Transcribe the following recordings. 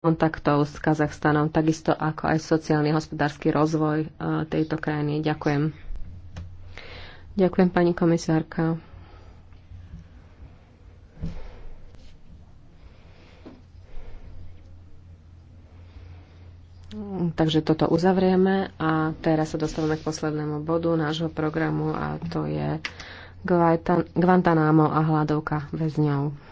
kontaktov s Kazachstanom, takisto ako aj sociálny a hospodársky rozvoj e, tejto krajiny. Ďakujem. Ďakujem, pani komisárka. Takže toto uzavrieme a teraz sa dostávame k poslednému bodu nášho programu a to je Guantanamo a hľadovka väzňov.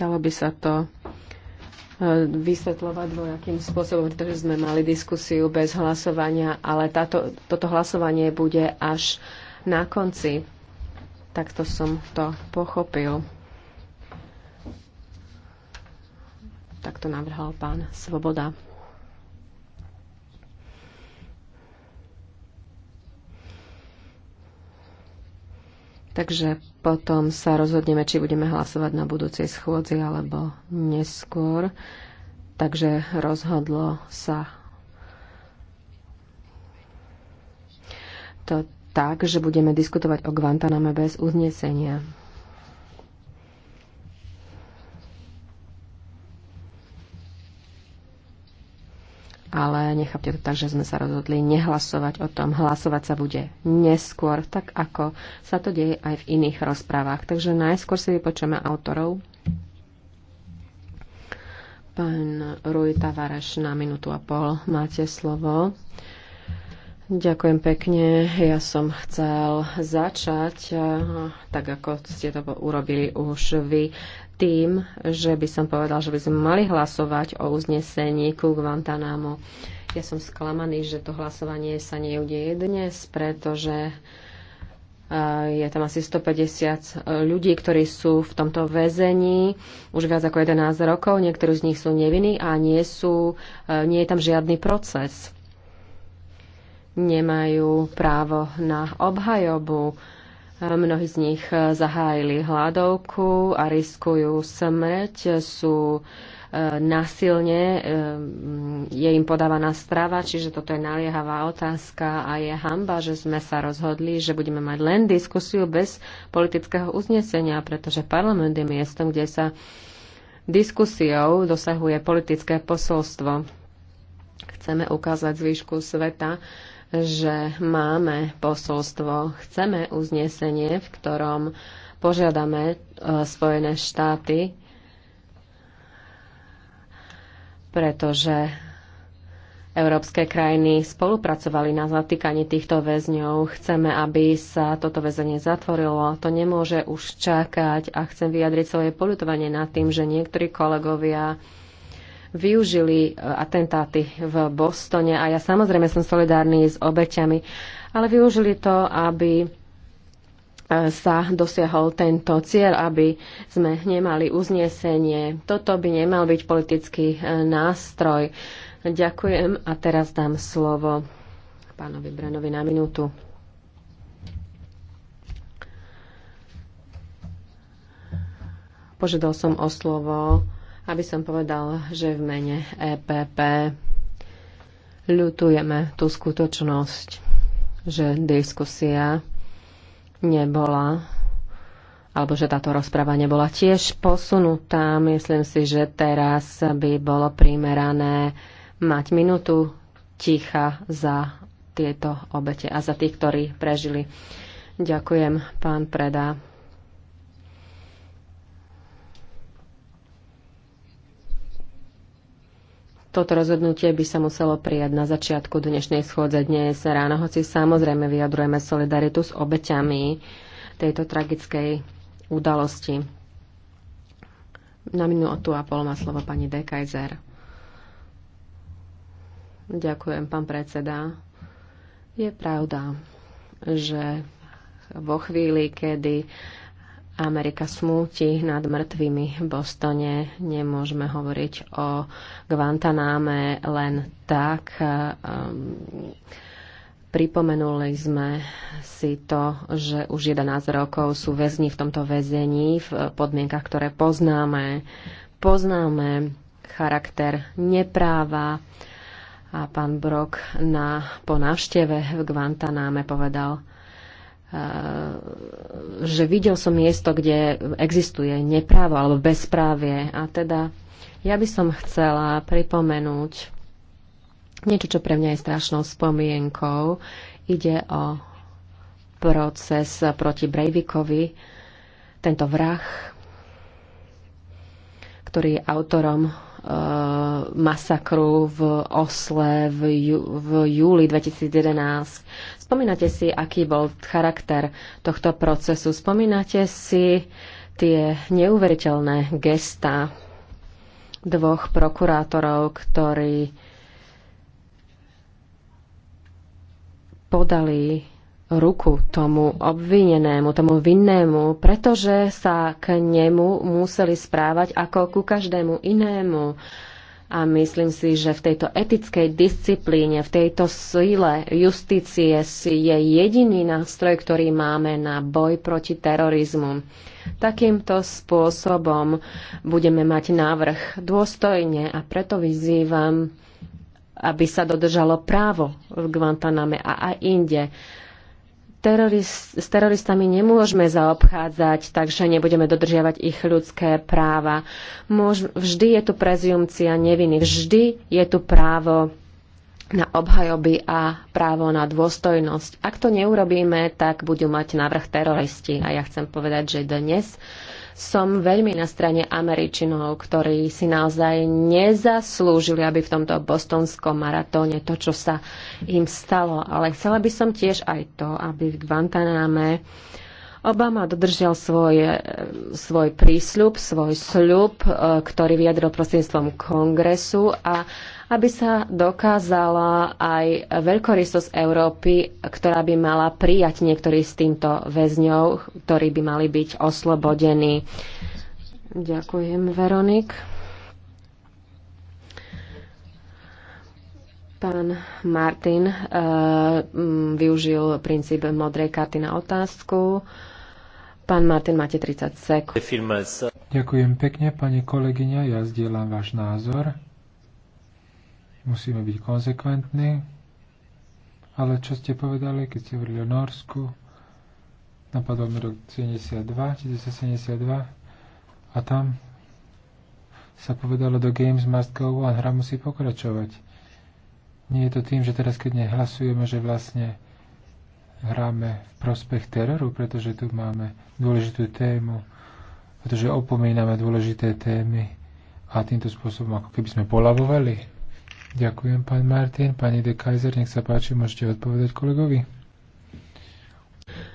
Dalo by sa to e, vysvetľovať dvojakým spôsobom, pretože sme mali diskusiu bez hlasovania, ale táto, toto hlasovanie bude až na konci. Takto som to pochopil. Takto navrhal pán Svoboda. Takže potom sa rozhodneme, či budeme hlasovať na budúcej schôdzi alebo neskôr. Takže rozhodlo sa to tak, že budeme diskutovať o Guantaname bez uznesenia. ale nechápte to tak, že sme sa rozhodli nehlasovať o tom. Hlasovať sa bude neskôr, tak ako sa to deje aj v iných rozprávach. Takže najskôr si vypočujeme autorov. Pán Ruj Tavareš na minútu a pol. Máte slovo. Ďakujem pekne. Ja som chcel začať, eh, tak ako ste to urobili už vy, tým, že by som povedal, že by sme mali hlasovať o uznesení ku Guantanamo. Ja som sklamaný, že to hlasovanie sa neudeje dnes, pretože eh, je tam asi 150 ľudí, ktorí sú v tomto väzení už viac ako 11 rokov. Niektorí z nich sú nevinní a nie, sú, eh, nie je tam žiadny proces. Nemajú právo na obhajobu Mnohí z nich e, zahájili hladovku a riskujú smrť, sú e, nasilne e, je im podávaná strava, čiže toto je naliehavá otázka a je hamba, že sme sa rozhodli, že budeme mať len diskusiu bez politického uznesenia, pretože parlament je miestom, kde sa diskusiou dosahuje politické posolstvo. Chceme ukázať zvýšku sveta, že máme posolstvo, chceme uznesenie, v ktorom požiadame e, Spojené štáty, pretože európske krajiny spolupracovali na zatýkanie týchto väzňov. Chceme, aby sa toto väzenie zatvorilo. To nemôže už čakať a chcem vyjadriť svoje polutovanie nad tým, že niektorí kolegovia využili e, atentáty v Bostone a ja samozrejme som solidárny s obeťami, ale využili to, aby e, sa dosiahol tento cieľ, aby sme nemali uznesenie. Toto by nemal byť politický e, nástroj. Ďakujem a teraz dám slovo pánovi Brenovi na minútu. Požiadal som o slovo aby som povedal, že v mene EPP ľutujeme tú skutočnosť, že diskusia nebola alebo že táto rozprava nebola tiež posunutá. Myslím si, že teraz by bolo primerané mať minútu ticha za tieto obete a za tých, ktorí prežili. Ďakujem, pán Preda. Toto rozhodnutie by sa muselo prijať na začiatku dnešnej schôdze dnes ráno, hoci samozrejme vyjadrujeme solidaritu s obeťami tejto tragickej udalosti. Na minútu a pol má slovo pani D. Kaiser. Ďakujem, pán predseda. Je pravda, že vo chvíli, kedy Amerika smúti nad mŕtvými v Bostone. Nemôžeme hovoriť o Guantanáme len tak. Ehm, pripomenuli sme si to, že už 11 rokov sú väzni v tomto väzení v podmienkach, ktoré poznáme. Poznáme charakter nepráva a pán Brok na, po návšteve v Guantanáme povedal, Eh, že videl som miesto, kde existuje neprávo alebo bezprávie. A teda ja by som chcela pripomenúť niečo, čo pre mňa je strašnou spomienkou. Ide o proces proti Breivikovi, tento vrah, ktorý je autorom E, masakru v Osle v, jú, v júli 2011. Spomínate si, aký bol charakter tohto procesu? Spomínate si tie neuveriteľné gesta dvoch prokurátorov, ktorí podali ruku tomu obvinenému, tomu vinnému, pretože sa k nemu museli správať ako ku každému inému. A myslím si, že v tejto etickej disciplíne, v tejto síle justície si je jediný nástroj, ktorý máme na boj proti terorizmu. Takýmto spôsobom budeme mať návrh dôstojne a preto vyzývam, aby sa dodržalo právo v Guantaname a aj inde terorist, s teroristami nemôžeme zaobchádzať, takže nebudeme dodržiavať ich ľudské práva. Môž, vždy je tu prezumcia neviny, vždy je tu právo na obhajoby a právo na dôstojnosť. Ak to neurobíme, tak budú mať navrh teroristi. A ja chcem povedať, že dnes uh, som veľmi na strane Američinov, ktorí si naozaj nezaslúžili, aby v tomto bostonskom maratóne to, čo sa im stalo. Ale chcela by som tiež aj to, aby v Guantaname Obama dodržal svoj, e, svoj prísľub, svoj sľub, e, ktorý vyjadril prostredníctvom kongresu a aby sa dokázala aj veľkorysosť Európy, ktorá by mala prijať niektorých z týmto väzňov, ktorí by mali byť oslobodení. Ďakujem, Veronik. Pán Martin e, využil princíp modrej karty na otázku. Pán Martin, máte 30 sekúnd. Ďakujem pekne, pani kolegyňa, ja zdieľam váš názor. Musíme byť konsekventní. Ale čo ste povedali, keď ste hovorili o Norsku? Napadol mi rok 72, 1972 a tam sa povedalo do Games Must Go On, hra musí pokračovať. Nie je to tým, že teraz, keď nehlasujeme, že vlastne hráme v prospech teroru, pretože tu máme dôležitú tému, pretože opomíname dôležité témy a týmto spôsobom ako keby sme polavovali. Ďakujem, pán Martin. Pani de Kaiser, nech sa páči, môžete odpovedať kolegovi.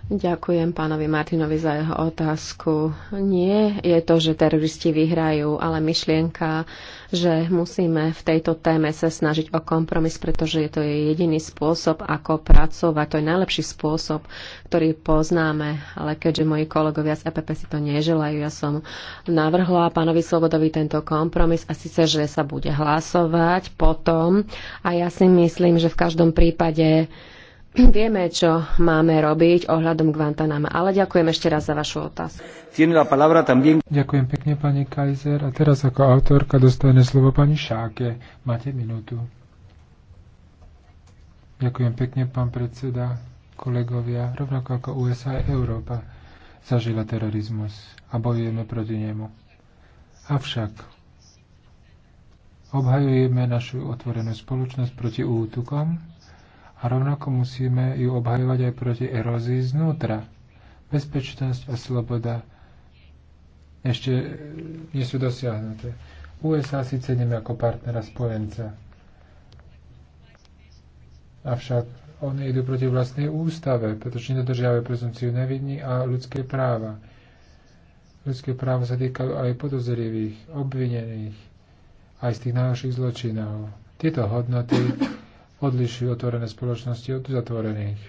Ďakujem pánovi Martinovi za jeho otázku. Nie je to, že teroristi vyhrajú, ale myšlienka, že musíme v tejto téme sa snažiť o kompromis, pretože je to jediný spôsob, ako pracovať. To je najlepší spôsob, ktorý poznáme, ale keďže moji kolegovia z EPP si to neželajú, ja som navrhla pánovi Slobodovi tento kompromis a síce, že sa bude hlasovať potom a ja si myslím, že v každom prípade Vieme, čo máme robiť ohľadom Guantanama, ale ďakujem ešte raz za vašu otázku. Ďakujem pekne, pani Kaiser. A teraz ako autorka dostane slovo pani Šáke. Máte minútu. Ďakujem pekne, pán predseda, kolegovia. Rovnako ako USA a Európa zažila terorizmus a bojujeme proti nemu. Avšak obhajujeme našu otvorenú spoločnosť proti útukom, a rovnako musíme ju obhajovať aj proti erózii znútra. Bezpečnosť a sloboda ešte nie sú dosiahnuté. USA si cením ako partnera spojenca. Avšak oni idú proti vlastnej ústave, pretože nedodržiavajú prezumciu nevinní a ľudské práva. Ľudské práva sa týkajú aj podozrivých, obvinených, aj z tých najhorších zločinov. Tieto hodnoty odlišujú otvorené spoločnosti od zatvorených.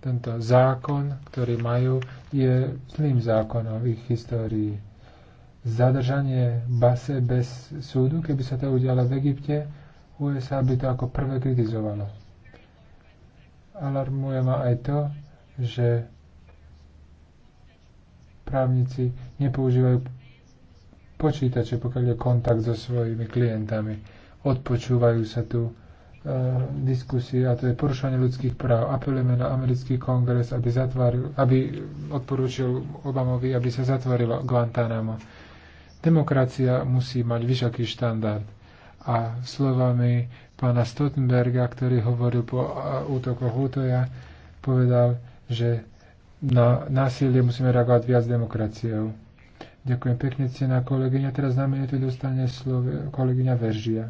Tento zákon, ktorý majú, je zlým zákonom v ich histórii. Zadržanie base bez súdu, keby sa to udialo v Egypte, USA by to ako prvé kritizovalo. Alarmuje ma aj to, že právnici nepoužívajú počítače, pokiaľ je kontakt so svojimi klientami odpočúvajú sa tu e, diskusie a to je porušovanie ľudských práv. Apelujeme na americký kongres, aby, zatvaril, aby odporúčil Obamovi, aby sa zatvorilo Guantánamo. Demokracia musí mať vysoký štandard. A slovami pána Stottenberga, ktorý hovoril po e, útokoch Hutoja, povedal, že na násilie musíme reagovať viac demokraciou. Ďakujem pekne, cená kolegyňa. Teraz na minútu dostane slovo kolegyňa Veržia.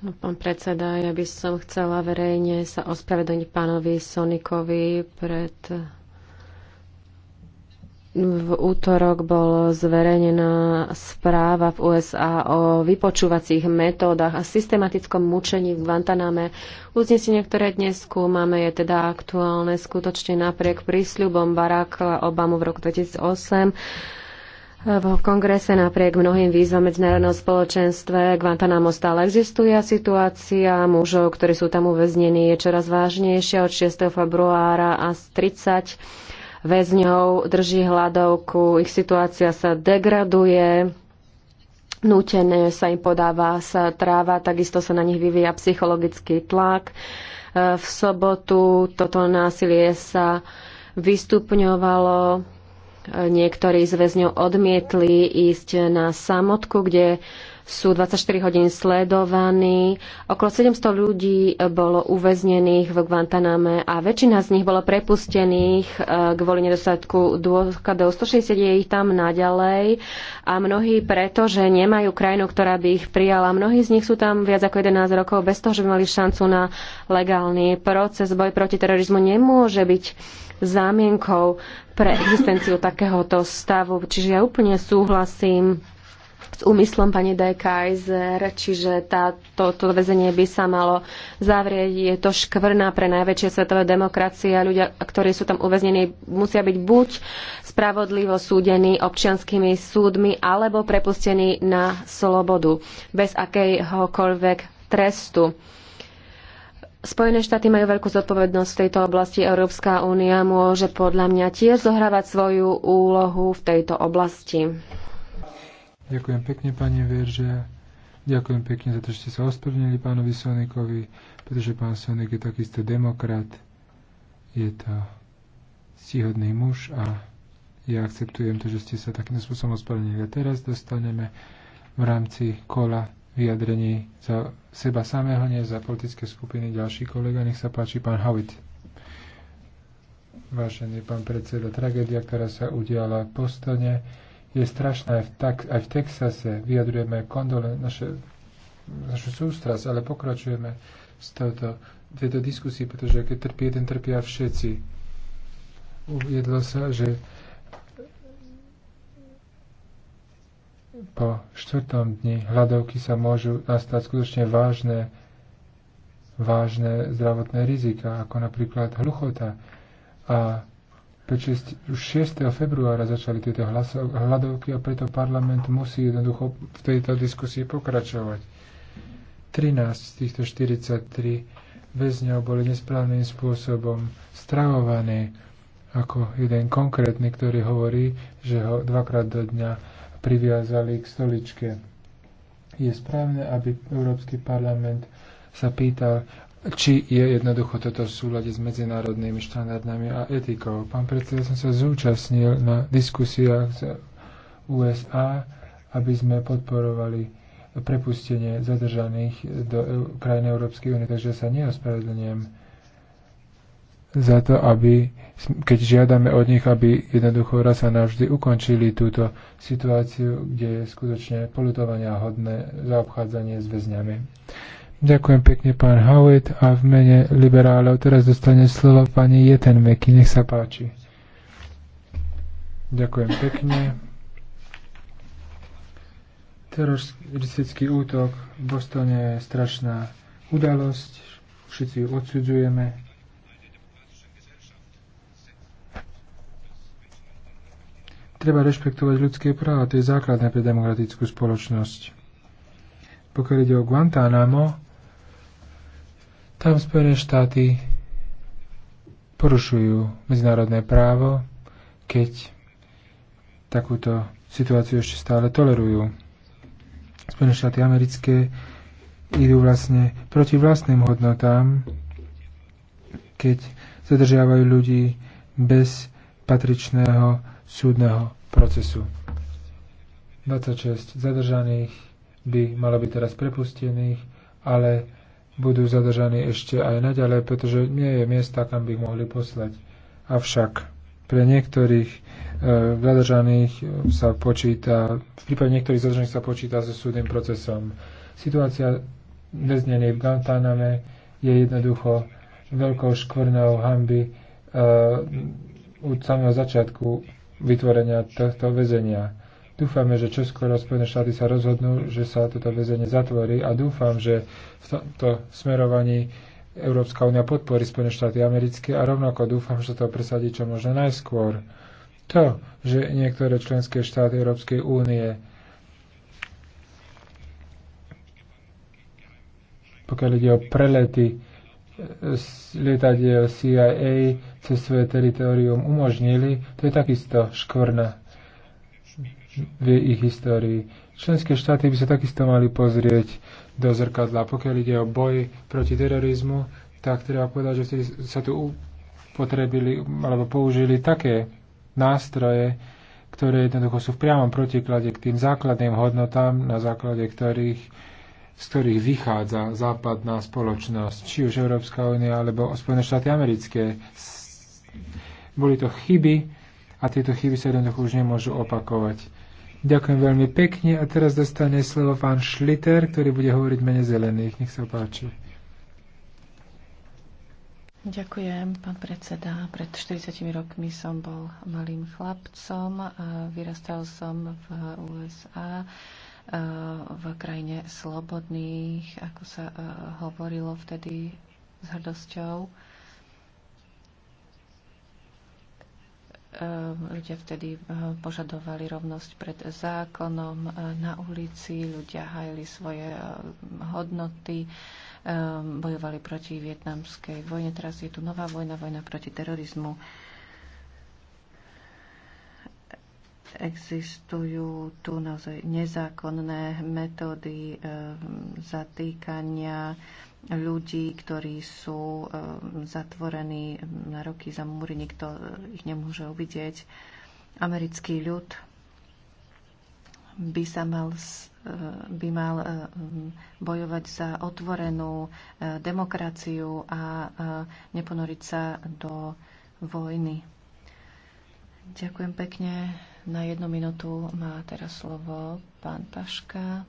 No, pán predseda, ja by som chcela verejne sa ospravedlniť pánovi Sonikovi pred... V útorok bol zverejnená správa v USA o vypočúvacích metódach a systematickom mučení v Guantaname. Uznesenie, ktoré dnes skúmame, je teda aktuálne skutočne napriek prísľubom Baracka Obamu v roku 2008 v kongrese napriek mnohým výzvam medzinárodného spoločenstve Guantanamo stále existuje situácia mužov, ktorí sú tam uväznení, je čoraz vážnejšia. Od 6. februára a z 30 väzňov drží hľadovku. Ich situácia sa degraduje. Nútené sa im podáva sa tráva, takisto sa na nich vyvíja psychologický tlak. V sobotu toto násilie sa vystupňovalo Niektorí z väzňov odmietli ísť na samotku, kde sú 24 hodín sledovaní. Okolo 700 ľudí bolo uväznených v Guantaname a väčšina z nich bolo prepustených eh, kvôli nedostatku dôkazov. 160 je ich tam naďalej a mnohí preto, že nemajú krajinu, ktorá by ich prijala. Mnohí z nich sú tam viac ako 11 rokov bez toho, že by mali šancu na legálny proces. Boj proti terorizmu nemôže byť zámienkou pre existenciu takéhoto stavu. Čiže ja úplne súhlasím s úmyslom pani D. Kaiser, čiže toto toto väzenie by sa malo zavrieť. Je to škvrna pre najväčšie svetové demokracie. Ľudia, ktorí sú tam uväznení, musia byť buď spravodlivo súdení občianskými súdmi, alebo prepustení na slobodu bez akejhokoľvek trestu. Spojené štáty majú veľkú zodpovednosť v tejto oblasti. Európska únia môže podľa mňa tiež zohrávať svoju úlohu v tejto oblasti. Ďakujem pekne, pani Verže. Ďakujem pekne za to, že ste sa ospravedlnili pánovi Sonikovi, pretože pán Sonik je takisto demokrat. Je to stíhodný muž a ja akceptujem to, že ste sa takýmto spôsobom ospravedlnili. A teraz dostaneme v rámci kola vyjadrení za seba samého, nie za politické skupiny. Ďalší kolega, nech sa páči, pán Howitt. Vážený pán predseda, tragédia, ktorá sa udiala v Postone, je strašná aj v, tak, aj v Texase. Vyjadrujeme kondole, naše, našu sústras, ale pokračujeme z touto, tejto diskusii, pretože keď trpí jeden, trpia všetci. Uviedlo sa, že po štvrtom dni hľadovky sa môžu nastať skutočne vážne, vážne zdravotné rizika, ako napríklad hluchota. A prečo už 6. februára začali tieto hľadovky a preto parlament musí jednoducho v tejto diskusii pokračovať. 13 z týchto 43 väzňov boli nesprávnym spôsobom stravovaní, ako jeden konkrétny, ktorý hovorí, že ho dvakrát do dňa priviazali k stoličke. Je správne, aby Európsky parlament sa pýtal, či je jednoducho toto v súlade s medzinárodnými štandardami a etikou. Pán predseda, som sa zúčastnil na diskusiách z USA, aby sme podporovali prepustenie zadržaných do krajiny Európskej únie, takže sa neospravedlňujem za to, aby, keď žiadame od nich, aby jednoducho raz a navždy ukončili túto situáciu, kde je skutočne polutovania hodné zaobchádzanie s väzňami. Ďakujem pekne, pán Howitt. A v mene liberálov teraz dostane slovo pani Meky. Nech sa páči. Ďakujem pekne. Teroristický útok v Bostone je strašná udalosť. Všetci ju odsudzujeme. Treba rešpektovať ľudské práva, to je základné pre demokratickú spoločnosť. Pokiaľ ide o Guantánamo, tam Spojené štáty porušujú medzinárodné právo, keď takúto situáciu ešte stále tolerujú. Spojené štáty americké idú vlastne proti vlastným hodnotám, keď zadržiavajú ľudí bez patričného súdneho procesu. 26 zadržaných by malo byť teraz prepustených, ale budú zadržaní ešte aj naďalej, pretože nie je miesta, kam by ich mohli poslať. Avšak pre niektorých e, zadržaných e, sa počíta, v prípade niektorých zadržaných sa počíta so súdnym procesom. Situácia väznenej v Guantaname je jednoducho veľkou škvrnou hamby e, od samého začiatku vytvorenia tohto väzenia. Dúfame, že čoskoro Spojené štáty sa rozhodnú, že sa toto väzenie zatvorí a dúfam, že v tomto smerovaní Európska únia podporí Spojené štáty americké a rovnako dúfam, že to presadí čo možno najskôr. To, že niektoré členské štáty Európskej únie pokiaľ ide o prelety e, lietadiel CIA cez svoje teritorium umožnili, to je takisto škvrna v ich histórii. Členské štáty by sa takisto mali pozrieť do zrkadla. Pokiaľ ide o boj proti terorizmu, tak treba povedať, že sa tu upotrebili alebo použili také nástroje, ktoré jednoducho sú v priamom protiklade k tým základným hodnotám, na základe ktorých, z ktorých vychádza západná spoločnosť, či už Európska únia alebo Spojené štáty americké. Boli to chyby a tieto chyby sa jednoducho už nemôžu opakovať. Ďakujem veľmi pekne a teraz dostane slovo pán Šliter, ktorý bude hovoriť mene zelených. Nech sa páči. Ďakujem, pán predseda. Pred 40 rokmi som bol malým chlapcom a vyrastal som v USA e, v krajine slobodných, ako sa e, hovorilo vtedy s hrdosťou. Ehm, ľudia vtedy eh, požadovali rovnosť pred zákonom eh, na ulici, ľudia hajili svoje eh, hodnoty, ehm, bojovali proti vietnamskej vojne. Teraz je tu nová vojna, vojna proti terorizmu. Existujú tu naozaj nezákonné metódy ehm, zatýkania, ľudí, ktorí sú eh, zatvorení na roky za múry, nikto eh, ich nemôže uvidieť. Americký ľud by sa mal, eh, by mal mm, bojovať za otvorenú demokraciu a neponoriť sa do vojny. Ďakujem pekne. Na jednu minútu má teraz slovo pán Paška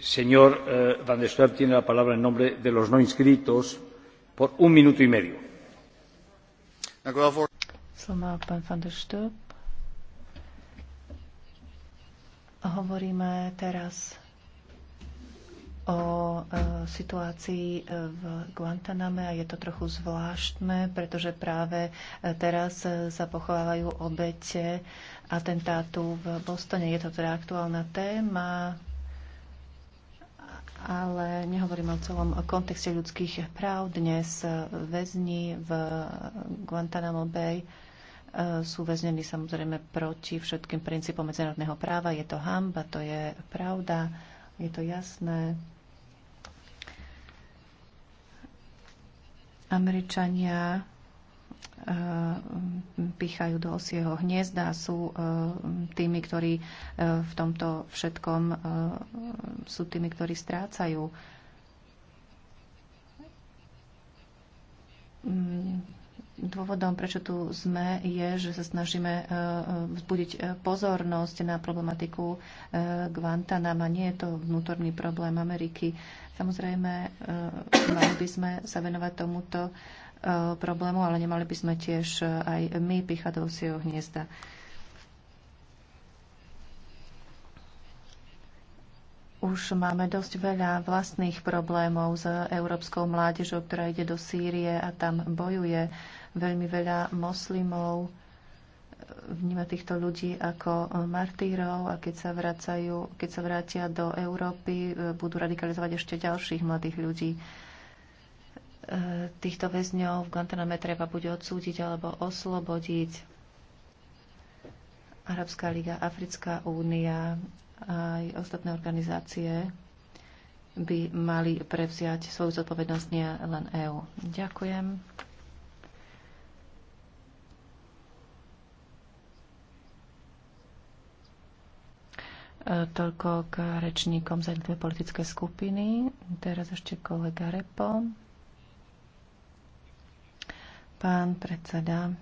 Eh, no Hovoríme teraz o e, situácii e, v Guantaname a je to trochu zvláštne, pretože práve e, teraz sa pochovávajú obete atentátu v Bostone. Je to teda aktuálna téma, ale nehovorím o celom kontexte ľudských práv. Dnes väzni v Guantanamo Bay e, sú väznení samozrejme proti všetkým princípom medzinárodného práva. Je to hamba, to je pravda, je to jasné. Američania Eh, pichajú do osieho hniezda, a sú eh, tými, ktorí eh, v tomto všetkom sú tými, ktorí strácajú. Mm, dôvodom, prečo tu sme, je, že sa snažíme vzbudiť pozornosť na problematiku Guantanama. Nie je to vnútorný problém Ameriky. Samozrejme, mali by sme sa venovať tomuto Eh, problému, ale nemali by sme tiež eh, aj my pichať do svojho hniezda. Už máme dosť veľa vlastných problémov s európskou mládežou, ktorá ide do Sýrie a tam bojuje. Veľmi veľa moslimov eh, vníma týchto ľudí ako martírov a keď sa, vracajú, keď sa vrátia do Európy, budú radikalizovať ešte ďalších mladých ľudí týchto väzňov v Guantaname treba buď odsúdiť alebo oslobodiť. Arabská liga, Africká únia aj ostatné organizácie by mali prevziať svoju zodpovednosť nie len EÚ. Ďakujem. E, toľko k rečníkom za politické skupiny. Teraz ešte kolega Repo. Pán predseda, e,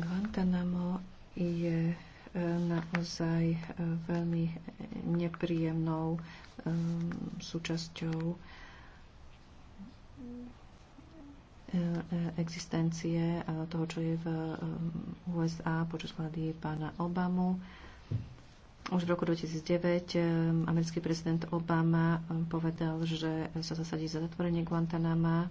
Guantanamo je e, naozaj e, veľmi nepríjemnou súčasťou existencie toho, čo je v USA počas vlády pána Obamu. Už v roku 2009 eh, americký prezident Obama eh, povedal, že sa zasadí za zatvorenie Guantanama eh,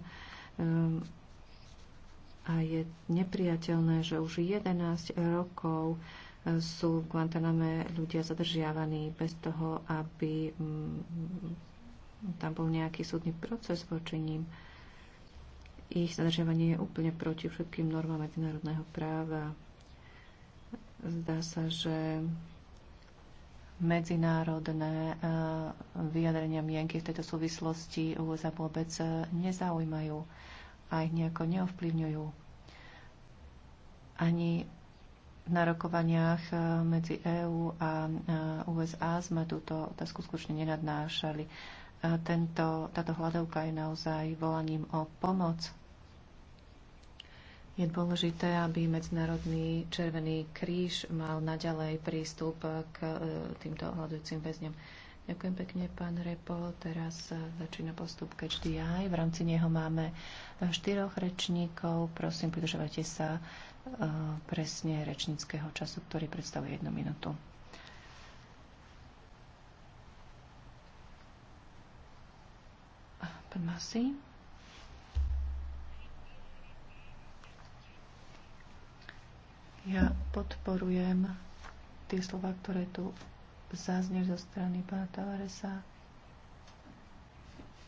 a je nepriateľné, že už 11 rokov sú v Guantaname ľudia zadržiavaní bez toho, aby mm, tam bol nejaký súdny proces voči ním. Ich zadržiavanie je úplne proti všetkým normám medzinárodného práva. Zdá sa, že medzinárodné e, vyjadrenia mienky v tejto súvislosti USA vôbec e, nezaujímajú a ich nejako neovplyvňujú. Ani na rokovaniach e, medzi EÚ a USA sme túto otázku skutočne nenadnášali. Tento, táto hľadovka je naozaj volaním o pomoc je dôležité, aby Medzinárodný červený kríž mal naďalej prístup k e, týmto hľadujúcim väzňom. Ďakujem pekne, pán Repo. Teraz e, začína postup HDI. V rámci neho máme e, štyroch rečníkov. Prosím, pridržavajte sa presne rečníckého času, ktorý predstavuje jednu minútu. Pán Masi. Ja podporujem tie slova, ktoré tu zazneli zo strany pána Tavaresa.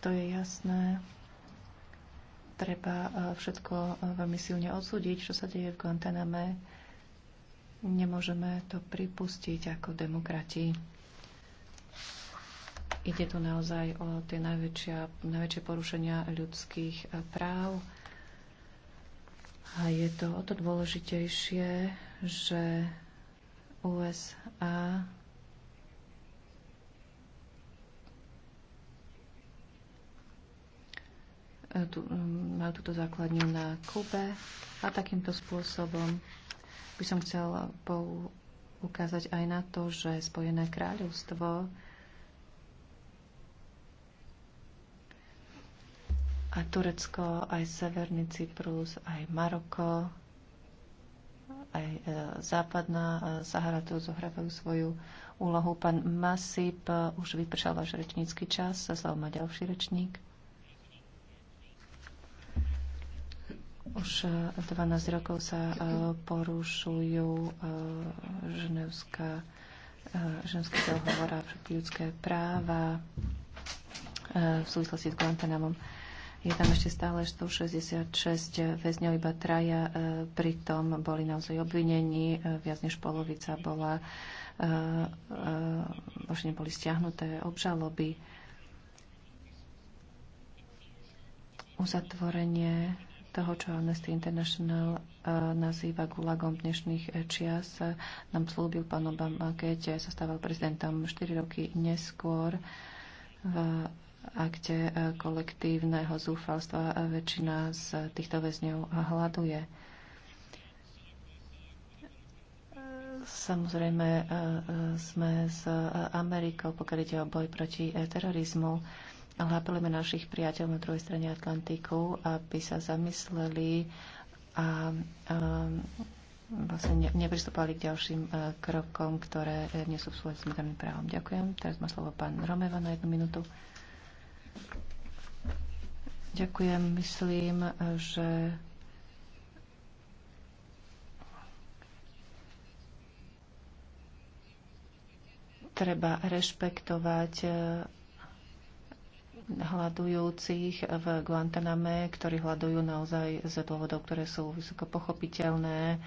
To je jasné. Treba e, všetko e, veľmi silne odsúdiť, čo sa deje v Guantaname. Nemôžeme to pripustiť ako demokrati. Ide tu naozaj o tie najväčšie porušenia ľudských e, práv a je to o to dôležitejšie, že USA tu, majú túto základňu na Kube a takýmto spôsobom by som chcel ukázať aj na to, že Spojené kráľovstvo a Turecko, aj Severný Cyprus, aj Maroko, aj e, Západná e, Sahara tu zohrávajú svoju úlohu. Pán Masip, e, už vypršal váš rečnícky čas, sa slovo má ďalší rečník. Už 12 rokov sa porušujú ženevská, ženské dohovor a ľudské práva v súvislosti s Guantanamom. Je tam ešte stále 166 väzňov, iba traja e, pritom boli naozaj obvinení, e, viac než polovica bola, možno e, boli stiahnuté obžaloby. Uzatvorenie toho, čo Amnesty International nazýva gulagom dnešných čias, nám slúbil pán Obama, keď sa stával prezidentom 4 roky neskôr v akte e, kolektívneho zúfalstva a e, väčšina z týchto väzňov hľaduje. Samozrejme e, sme s Amerikou, pokiaľ ide o boj proti terorizmu, ale apelujeme našich priateľov na druhej strane Atlantiku, aby sa zamysleli a, vlastne nepristúpali k ďalším krokom, ktoré nie sú v súhľadu s medzinárodným právom. Ďakujem. Teraz má slovo pán Romeva na jednu minútu. Ďakujem. Myslím, že treba rešpektovať eh, hľadujúcich v Guantaname, ktorí hľadujú naozaj z dôvodov, ktoré sú vysoko pochopiteľné. Eh,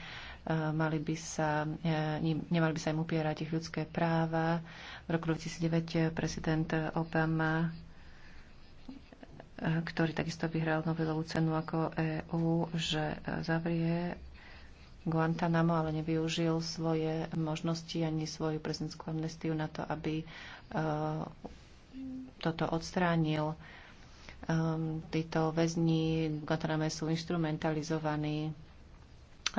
mali by sa, eh, nemali by sa im upierať ich ľudské práva. V roku 2009 prezident Obama Eh, ktorý takisto vyhral Nobelovú cenu ako EÚ, že eh, zavrie Guantanamo, ale nevyužil svoje možnosti ani svoju prezidentskú amnestiu na to, aby eh, toto odstránil. Ehm, títo väzni Guantanamo Guantaname sú instrumentalizovaní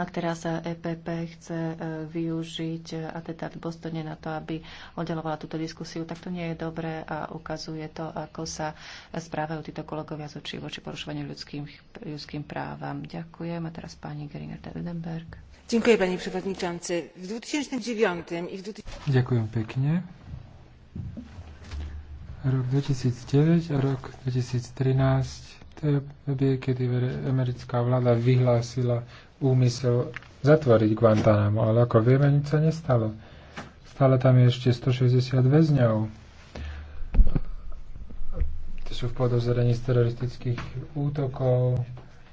a teraz EPP chce e, využiť e, teda v Bostone na to, aby oddelovala túto diskusiu, tak to nie je dobré a ukazuje to, ako sa správajú títo kolegovia z očí voči porušovaniu ľudským, ľudským právam. Ďakujem. A teraz pani Geringer Udenberg. Ďakujem, pani przewodniczący. V 2009 i v 2000... Ďakujem pekne. Rok 2009 a rok 2013 to je obie, kedy americká vláda vyhlásila úmysel zatvoriť Guantanamo, ale ako vieme, nič sa nestalo. Stále tam je ešte 160 väzňov. To sú v podozrení z teroristických útokov,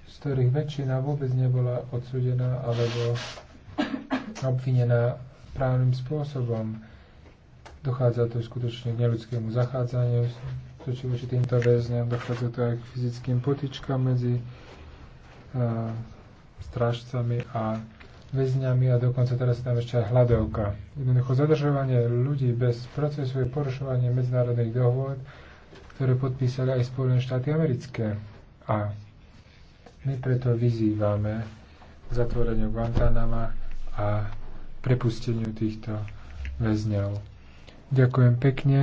z ktorých väčšina vôbec nebola odsudená alebo obvinená právnym spôsobom. Dochádza to skutočne k neľudskému zachádzaniu, točí voči týmto väzňom, dochádza to aj k fyzickým potičkám medzi strážcami a väzňami a dokonca teraz je tam ešte aj hľadovka. Jednoducho zadržovanie ľudí bez procesu je porušovanie medzinárodných dohôd, ktoré podpísali aj Spojené štáty americké. A my preto vyzývame zatvoreniu Guantanama a prepusteniu týchto väzňov. Ďakujem pekne.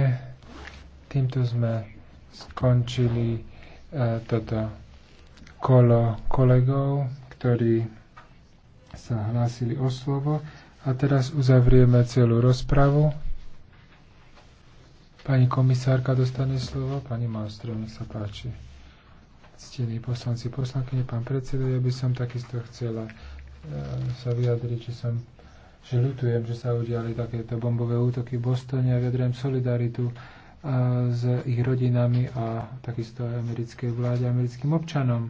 Týmto sme skončili eh, toto kolo kolegov ktorí sa hlásili o slovo. A teraz uzavrieme celú rozpravu. Pani komisárka dostane slovo, pani Malstrom, nech sa páči. Ctení poslanci, poslankyne, pán predseda, ja by som takisto chcela e, sa vyjadriť, že som že ľutujem, že sa udiali takéto bombové útoky v Bostone a vyjadrujem solidaritu e, s ich rodinami a takisto aj americkej vláde, americkým občanom.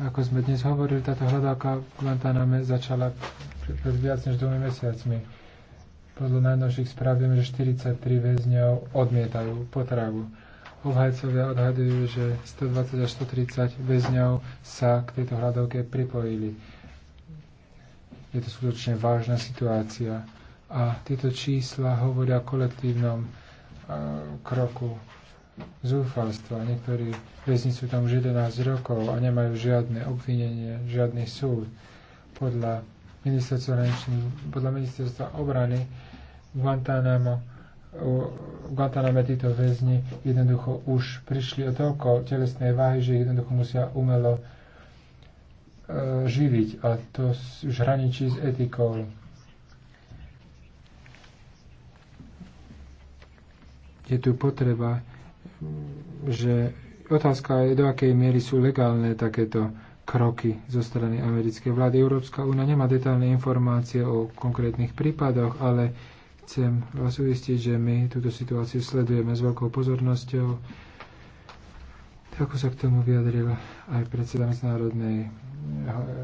Ako sme dnes hovorili, táto hľadávka v Guantaname začala pred viac než dvomi mesiacmi. Podľa najnovších správ vieme, že 43 väzňov odmietajú potravu. Obhajcovia odhadujú, že 120 až 130 väzňov sa k tejto hľadovke pripojili. Je to skutočne vážna situácia a tieto čísla hovoria o kolektívnom e, kroku zúfalstva. Niektorí väzni sú tam už 11 rokov a nemajú žiadne obvinenie, žiadny súd. Podľa ministerstva, podľa ministerstva obrany Guantánamo Guantaname títo väzni jednoducho už prišli o toľko telesnej váhy, že jednoducho musia umelo e, živiť a to už hraničí s etikou. Je tu potreba že otázka je, do akej miery sú legálne takéto kroky zo strany americkej vlády. Európska únia nemá detálne informácie o konkrétnych prípadoch, ale chcem vás uistiť, že my túto situáciu sledujeme s veľkou pozornosťou. Ako sa k tomu vyjadril aj predseda Medzinárodnej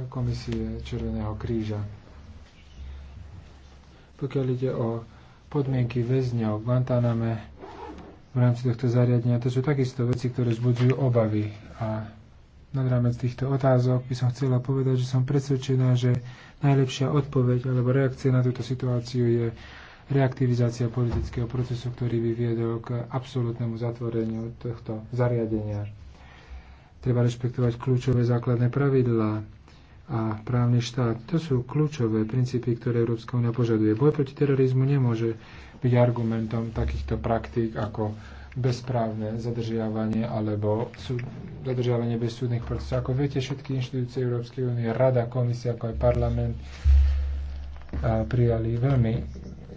komisie Červeného kríža. Pokiaľ ide o podmienky väzňov v Guantaname, v rámci tohto zariadenia. To sú takisto veci, ktoré zbudzujú obavy. A nad rámec týchto otázok by som chcela povedať, že som presvedčená, že najlepšia odpoveď alebo reakcia na túto situáciu je reaktivizácia politického procesu, ktorý by viedol k absolútnemu zatvoreniu tohto zariadenia. Treba rešpektovať kľúčové základné pravidlá a právny štát. To sú kľúčové princípy, ktoré Európska únia požaduje. Boj proti terorizmu nemôže byť argumentom takýchto praktík ako bezprávne zadržiavanie alebo súd, zadržiavanie bez súdnych procesov. Ako viete, všetky inštitúcie Európskej únie, Rada, Komisia, ako aj parlament prijali veľmi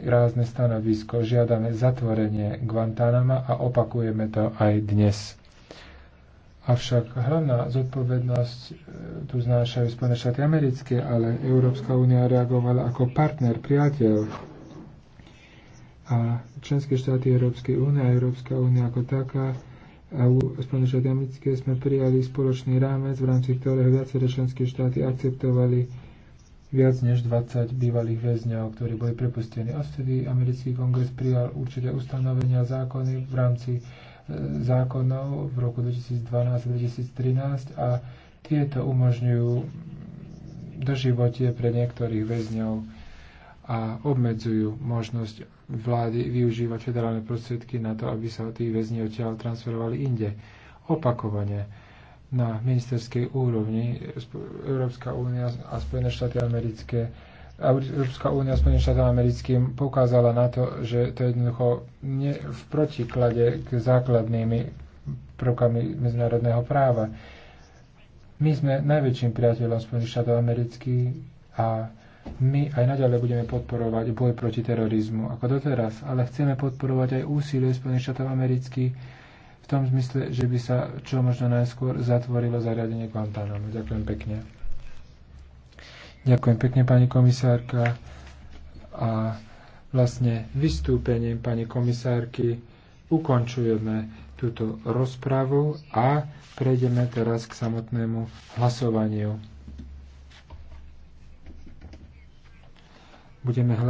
rázne stanovisko. Žiadame zatvorenie Guantanama a opakujeme to aj dnes. Avšak hlavná zodpovednosť e, tu znášajú Spojené štáty americké, ale Európska únia reagovala ako partner, priateľ. A členské štáty Európskej únie a Európska únia ako taká a Spojené štáty americké sme prijali spoločný rámec, v rámci ktorého viaceré členské štáty akceptovali viac než 20 bývalých väzňov, ktorí boli prepustení. vtedy americký kongres prijal určité ustanovenia zákony v rámci zákonov v roku 2012-2013 a tieto umožňujú doživotie pre niektorých väzňov a obmedzujú možnosť vlády využívať federálne prostriedky na to, aby sa tí väzni odtiaľ transferovali inde. Opakovane na ministerskej úrovni Európska únia a Spojené štáty americké Európska únia s štátom americkým poukázala na to, že to je jednoducho nie v protiklade k základnými prvkami medzinárodného práva. My sme najväčším priateľom Spojených štátov amerických a my aj naďalej budeme podporovať boj proti terorizmu ako doteraz, ale chceme podporovať aj úsilie Spojených štátov amerických v tom zmysle, že by sa čo možno najskôr zatvorilo zariadenie Guantánamo. Ďakujem pekne. Ďakujem pekne, pani komisárka. A vlastne vystúpením pani komisárky ukončujeme túto rozpravu a prejdeme teraz k samotnému hlasovaniu. Budeme hlasovať.